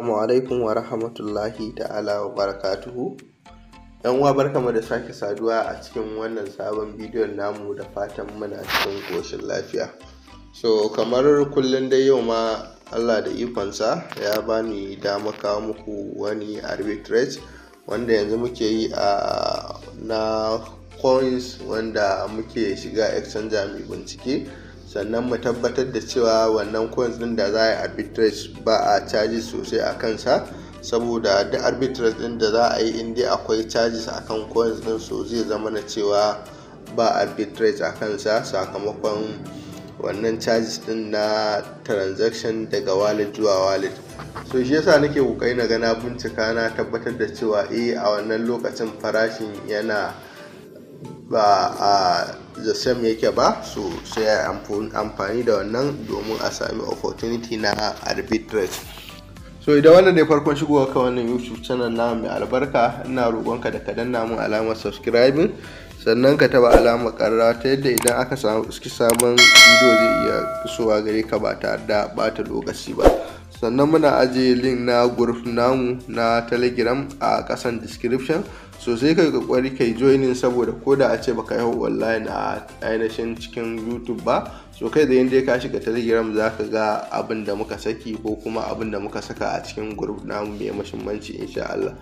Assalamu alaikum wa rahmatullahi ta'ala wa barakatuhu. ‘Yan uwa barkamu da sake saduwa a cikin wannan sabon bidiyon namu da fatan muna cikin koshin lafiya. So kamar kullum dai yau ma Allah da ikonsa ya bani dama kawo muku wani arbitrage wanda yanzu muke yi a na coins wanda muke shiga exchanger mai bincike. sannan mu tabbatar da cewa wannan coins din da za a yi arbitrage ba a charges sosai a kansa saboda duk arbitrage din da za a yi inda akwai charges kan coins din so zai zama na cewa ba arbitrage a kansa sakamakon wannan charges din na transaction daga wallet zuwa wallet so shi yasa nake kokari na gana bincika na tabbatar da cewa eh a wannan lokacin farashin yana ba a the same yake ba so sai a amfani da wannan domin a sami opportunity na arbitrage so idan wannan ne farkon shigowa ka wannan youtube channel na mai albarka ina ka da ka namun mun alamar subscribing sannan ka taba alamar ƙarra ta yadda idan aka samu sabon video zai iya isowa gare ka ba tare da bata lokaci ba sannan muna ajiye link na group namu na telegram a ƙasan description so sai kai kokari kai joinin saboda ko da a ce baka yi online a ainihin cikin youtube ba so kai da yanda ka shiga telegram za ka ga abin da muka saki ko kuma abin da muka saka a cikin group namu mai mashimmanci insha Allah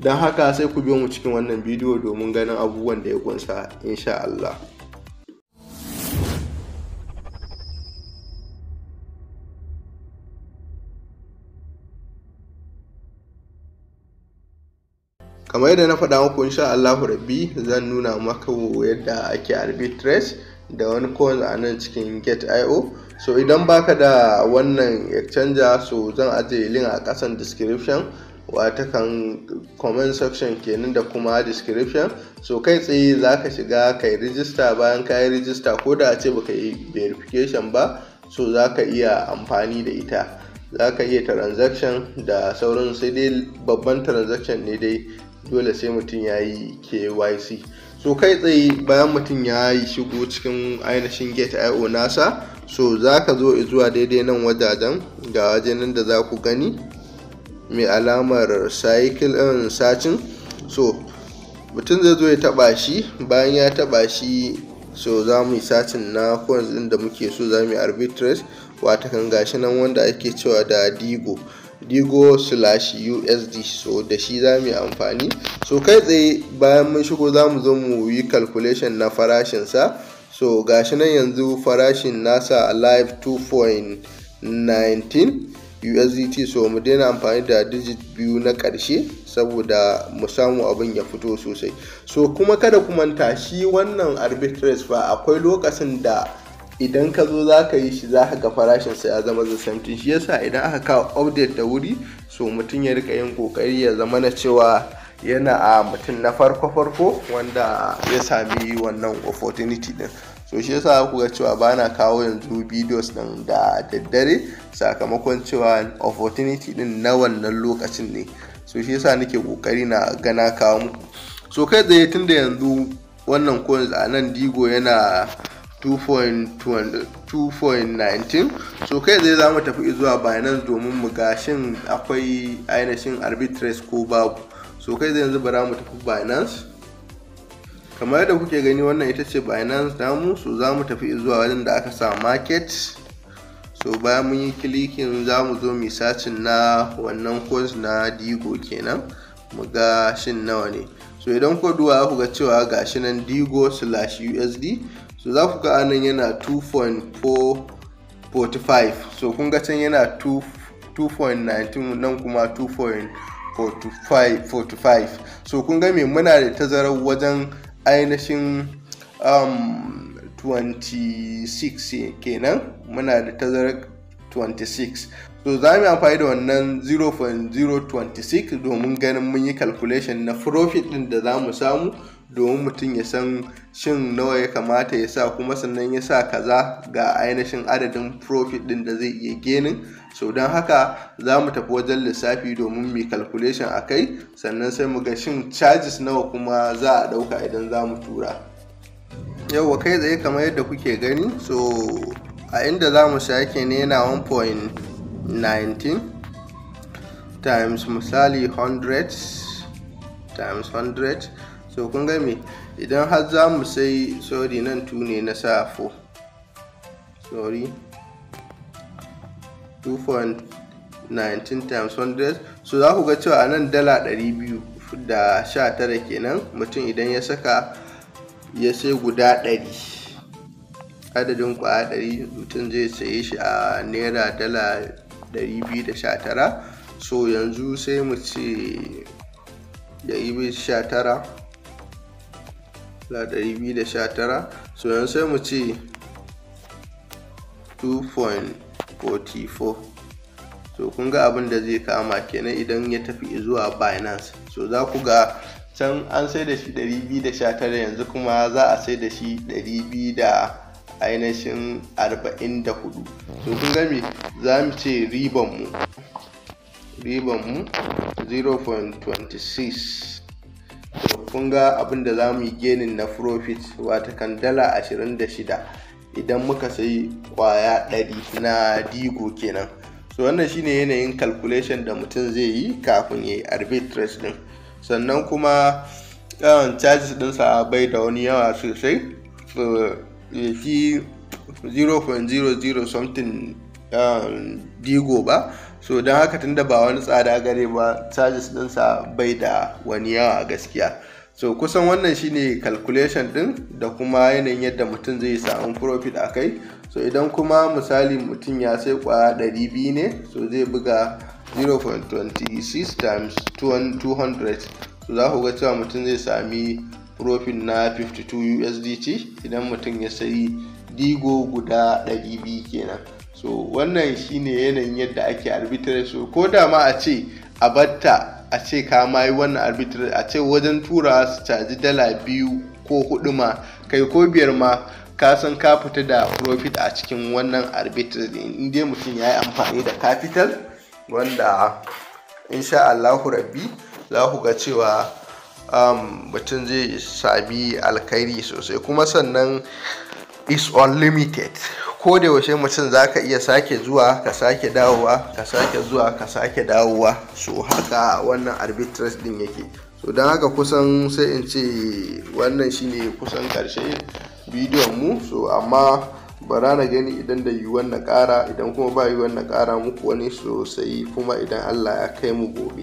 don haka sai ku biyo mu cikin wannan bidiyo domin ganin abubuwan da ya kunsa insha Allah kamar yadda na faɗa muku insha Allahu rabbi zan nuna maka yadda ake arbitrage da wani coin a nan cikin get io so idan baka da wannan exchanger so zan ajiye link a ƙasan description wata kan comment section kenan da kuma description so kai tsaye za ka shiga ka yi bayan ka yi ko da a ce baka yi verification ba so za ka iya amfani da ita za ka iya transaction da sauran sai dai babban transaction ne dai dole sai mutum ya yi kyc so kai tsaye bayan mutum ya yi shigo cikin ainihin gate io nasa so za ka zo zuwa daidai nan wajajen ga wajenin da za ku gani mai alamar cycle in sacin so mutum zai zo ya taba shi bayan ya taba shi so za mu yi sacin na coins ɗin da muke so za mu yi arbitrage wata kan gashi nan wanda ake cewa da digo digo slash usd so da shi za mu yi amfani so kai tsaye bayan mun shigo za mu zo mu yi calculation na farashinsa so gashi nan yanzu farashin nasa live 2.19 usdt so mu daina amfani da digit biyu na ƙarshe saboda mu samu abin ya fito sosai so kuma kada ku manta shi wannan arbitrage fa akwai lokacin da idan ka zo za ka yi shi za ka farashin sai ya zama da samtin shi yasa idan aka kawo update da wuri so mutum ya rika yin kokari ya zama na cewa yana a mutum na farko farko wanda ya sami wannan opportunity din so shi yasa ku ga cewa ba na kawo yanzu videos din da daddare sakamakon cewa opportunity din na wannan lokacin ne so shi yasa nake kokari na gana kawo muku so kai tsaye tun da yanzu wannan coins a nan digo yana 2.19 so kai zai za tafi zuwa binance domin mu gashin akwai ainihin arbitrage ko babu so kai zai yanzu bara mu tafi binance kamar yadda kuke gani wannan ita ce binance namu so za mu tafi zuwa wajen da aka sa market so bayan mun yi kilikin za mu zo mu na wannan coins na digo kenan mu ga shin nawa ne so idan ko duwa ku ga cewa gashi nan digo slash usd so za ku ga anan yana 2.45 so kun ga can yana 2.19 nan kuma 2.45 so kun ga me muna da tazarar wajen ainihin 26 um, kenan muna da tazarar 26 so za mu amfani da wannan 0.026 domin ganin mun yi calculation na profit din da za mu samu domin mutum ya san shin nawa ya kamata ya sa kuma sannan ya sa kaza ga ainihin adadin profit din da zai iya genin so don haka za mu tafi wajen lissafi domin mai calculation a kai sannan sai mu ga shin charges nawa kuma za a ɗauka idan za mu tura yauwa kai tsaye kamar yadda kuke gani so a inda za mu sake ne yana 1.19 times misali 100 times 100 so kun ga idan har za mu sai sorry nan tune ne na sa 4 sorry 2.19 times 100 so za ku ga cewa a nan dala 200 da 19 kenan mutum idan ya saka ya sai guda 100 adadin kwaya 100 mutum zai saye shi a naira dala 219 so yanzu sai mu ce 219 la 219 so yanzu sai mu ce 2.44 so kun ga abin da zai kama kenan idan ya tafi zuwa binance so za ku ga can an sai da shi 219 yanzu kuma za a sai da shi 200 da ainihin 44 so kun gami za mu ce ribanmu ribanmu 0.26 kun ga abin da za mu yi genin na profit wata kan dala 26 idan muka sayi kwaya 100 na digo kenan so wannan shine yanayin calculation da mutum zai yi kafin ya yi arbitrage din sannan kuma yawan eh, charges sa bai da wani yawa sosai so ya fi 0.00 something eh, digo ba so don haka tunda ba wani tsada gare ba charges sa bai da wani yawa gaskiya so kusan wannan shine calculation din da kuma yanayin yadda mutum zai samu profit a kai so idan kuma misali mutum ya sai kwaya 200 ne so zai buga 0.26 times 200 so za ku ga cewa mutum zai sami profit na 52 usdt idan mutum ya sayi digo guda 200 kenan so wannan shine yanayin yadda ake arbitrage so ko da ma a ce a batta a ce ka ma yi wannan arbitrary a ce wajen turawa su caji dala biyu ko hudu ma kai ko biyar ma ka san ka fita da profit a cikin wannan arbitrary in dai mutum ya yi amfani da capital wanda insha Allahu rabbi za ku ga cewa um, mutum zai sabi alkhairi sosai kuma sannan is unlimited ko da yaushe mutum za ka iya sake zuwa ka sake dawowa ka sake zuwa ka sake dawowa so haka wannan arbitrage din yake so don haka kusan sai in ce wannan shine kusan karshe bidiyon mu so amma bara na gani idan da yiwuwar na kara idan kuma ba yiwuwar na kara muku wani sosai kuma idan allah ya kai mu gobe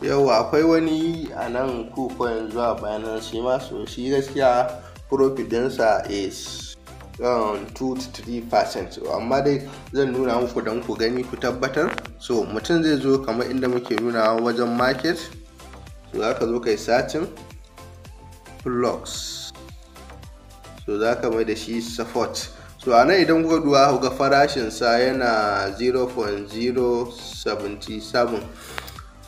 yau akwai wani a nan kuka yanzu a bayanan shi ma so shi gaskiya profidensa is 2 um, to 3 amma dai zan nuna muku don ku gani ku tabbatar so mutum zai zo kamar inda muke nuna wajen market so za ka zo kai satin blocks so za ka mai da shi support so a nan idan kuka duwa farashin farashinsa yana 0.077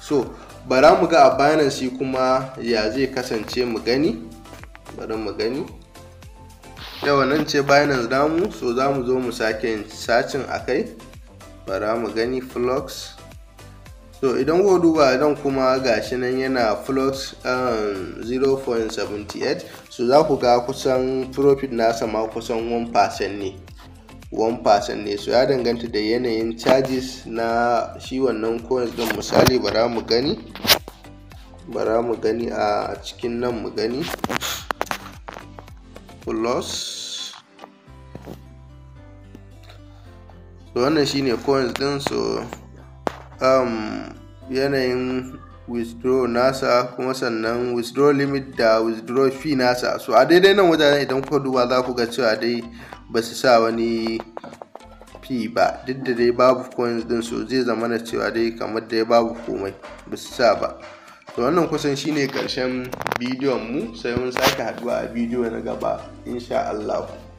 so bara mu ga a binance shi kuma ya zai kasance mu gani bari mu gani yawa nan ce binance damu so za mu zo mu sake sacin a kai bara mu gani flux so idan ko duba don kuma gashi nan yana flux um, 0.78 so za ku ga kusan profit nasa ma kusan 1% ne 1% ne so ya danganta da yanayin charges na shi wannan coins don misali bara mu gani bara mu gani a cikin nan mu gani plus so wannan shine coins din so um, yanayin withdraw nasa kuma sannan withdraw limit da withdraw fee nasa so a daidai nan wajen idan kuka duba za ku ga cewa dai ba su sa wani fee ba duk da dai babu coins din so zai zama na cewa dai kamar dai babu komai ba su sa ba to wannan kusan shine karshen bidiyon mu sai mun sake haduwa a bidiyo na gaba insha Allah